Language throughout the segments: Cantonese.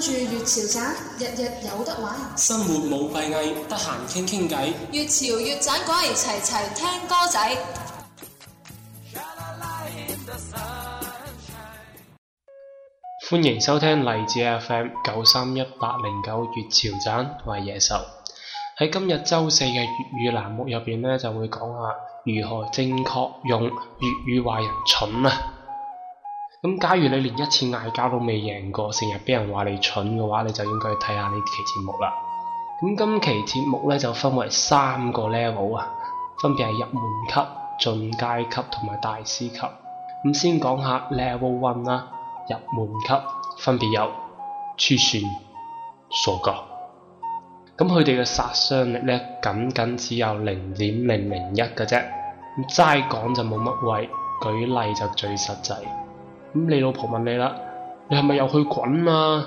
跟住粵潮盞，日日有得玩。生活冇閉翳，得閒傾傾偈，粵潮粵盞，我哋齊齊聽歌仔。歡迎收聽荔枝 FM 九三一八零九粵潮盞同埋夜秀。喺今日周四嘅粵語欄目入邊呢，就會講下如何正確用粵語話人蠢啊！咁假如你連一次嗌交都未贏過，成日俾人話你蠢嘅話，你就應該去睇下呢期節目啦。咁今期節目咧就分為三個 level 啊，分別係入門級、進階級同埋大師級。咁先講下 level one 啦，入門級分別有出船、傻角。咁佢哋嘅殺傷力咧僅僅只有零點零零一嘅啫，咁齋講就冇乜位，舉例就最實際。咁你老婆問你啦，你係咪又去滾啊？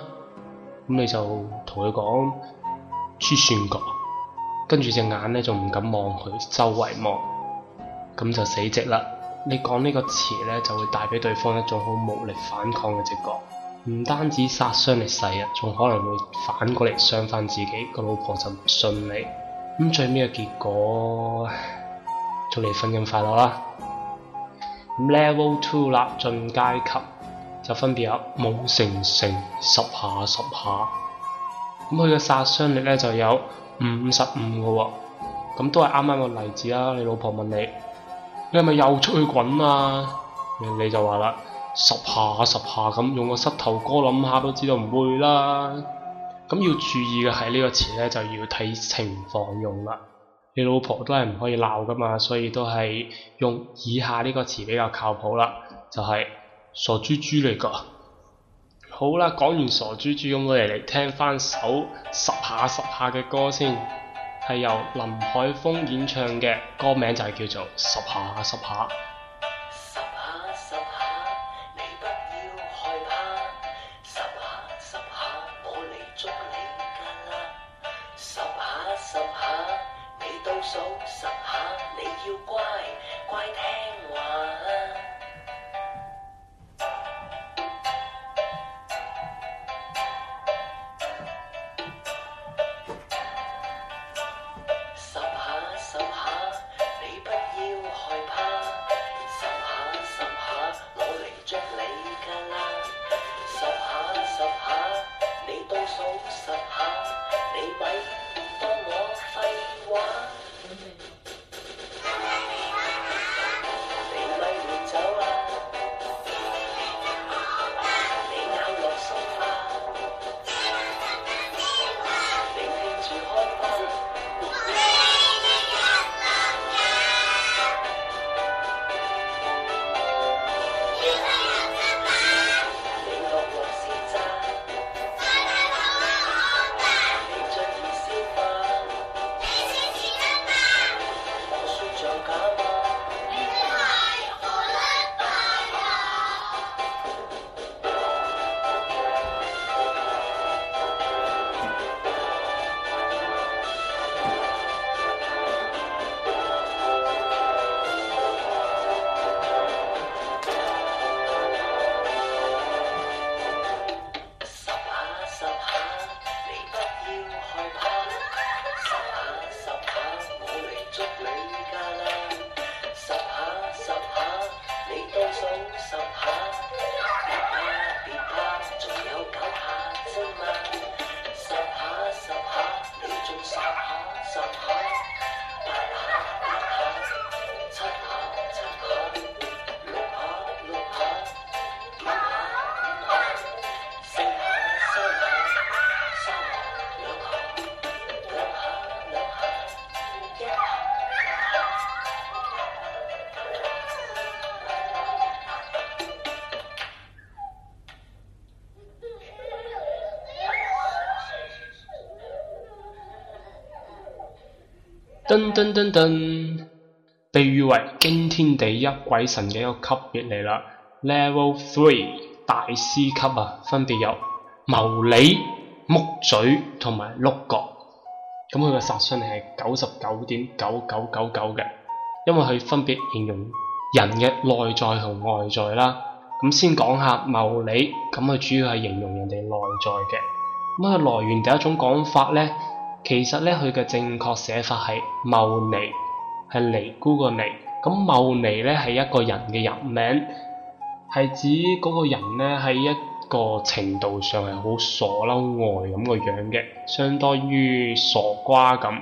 咁你就同佢講黐算角，跟住隻眼咧就唔敢望佢，周圍望，咁就死直啦。你講呢個詞咧，就會帶俾對方一種好無力反抗嘅直覺，唔單止殺傷力細啊，仲可能會反過嚟傷翻自己，個老婆就唔信你。咁最尾嘅結果，祝你婚姻快樂啦。Level Two 啦，進階級。就分別有懵成成、十下十下，咁佢嘅殺傷力咧就有五十五個喎。咁都係啱啱個例子啦。你老婆問你，你係咪又出去滾啊？你就話啦，十下十下咁，用個膝頭哥諗下都知道唔會啦。咁要注意嘅係呢個詞咧，就要睇情況用啦。你老婆都係唔可以鬧噶嘛，所以都係用以下呢個詞比較靠譜啦，就係、是。傻豬豬嚟噶。好啦，講完傻豬豬咁，我哋嚟聽翻首十下十下嘅歌先，係由林海峰演唱嘅，歌名就係叫做十下十下。十下十下，你不要害怕；十下十下，我嚟捉你噶啦。十下十下，你倒數十下，你要乖乖聽話。噔噔噔噔，被譽為驚天地泣鬼神嘅一個級別嚟啦，Level 3, 大師級啊,分別有牟利,木嘴,同埋鹿角。咁佢嘅殺傷力係九十九點九九九九嘅，因為佢分別形容人嘅內在同外在啦。咁先講下牟利，咁佢主要係形容人哋內在嘅。咁佢來源第一種講法呢，其實咧，佢嘅正確寫法係茂尼，係尼姑個尼。咁茂尼咧係一個人嘅入名，係指嗰個人咧喺一個程度上係好傻嬲呆咁個樣嘅，相當於傻瓜咁。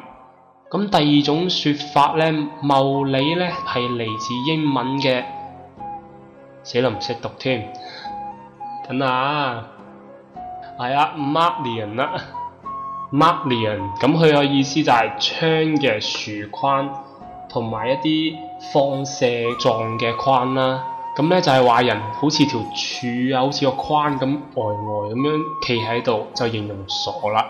咁第二種說法咧，茂尼咧係嚟自英文嘅，死都唔識讀添。等下，係啊，moron 啦～m i l i o n 咁佢嘅意思就係窗嘅樹框，同埋一啲放射狀嘅框啦。咁咧就係話人好似條柱啊，好似個框咁呆呆咁樣企喺度，就形容傻啦。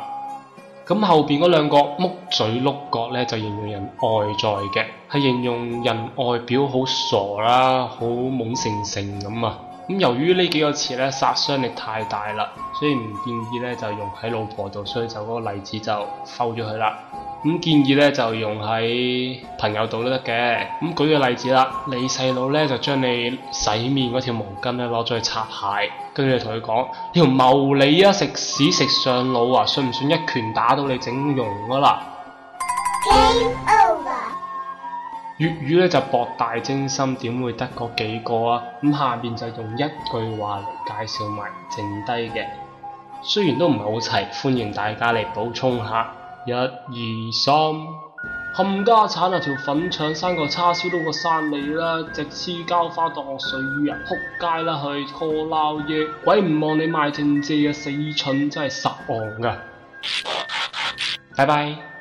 咁後邊嗰兩個木嘴碌角咧，就形容人外在嘅，係形容人外表好傻啦，好懵盛盛咁啊！咁由於呢幾個詞咧殺傷力太大啦，所以唔建議咧就用喺老婆度，所以就嗰個例子就收咗佢啦。咁、嗯、建議咧就用喺朋友度都得嘅。咁、嗯、舉個例子啦，你細佬咧就將你洗面嗰條毛巾咧攞咗去擦鞋，跟住同佢講：你條毛你啊食屎食上腦啊，信唔信一拳打到你整容噶、啊、啦？ 粵語咧就博大精深，點會得嗰幾個啊？咁下邊就用一句話嚟介紹埋剩低嘅，雖然都唔係好齊，歡迎大家嚟補充下。一、二、三，冚家鏟啊！條粉腸、生個叉燒都過生你啦！隻黐膠花當我水魚啊！仆街啦、啊、去撈嘢！鬼唔望你賣正字嘅死蠢，真係十惡㗎。拜拜。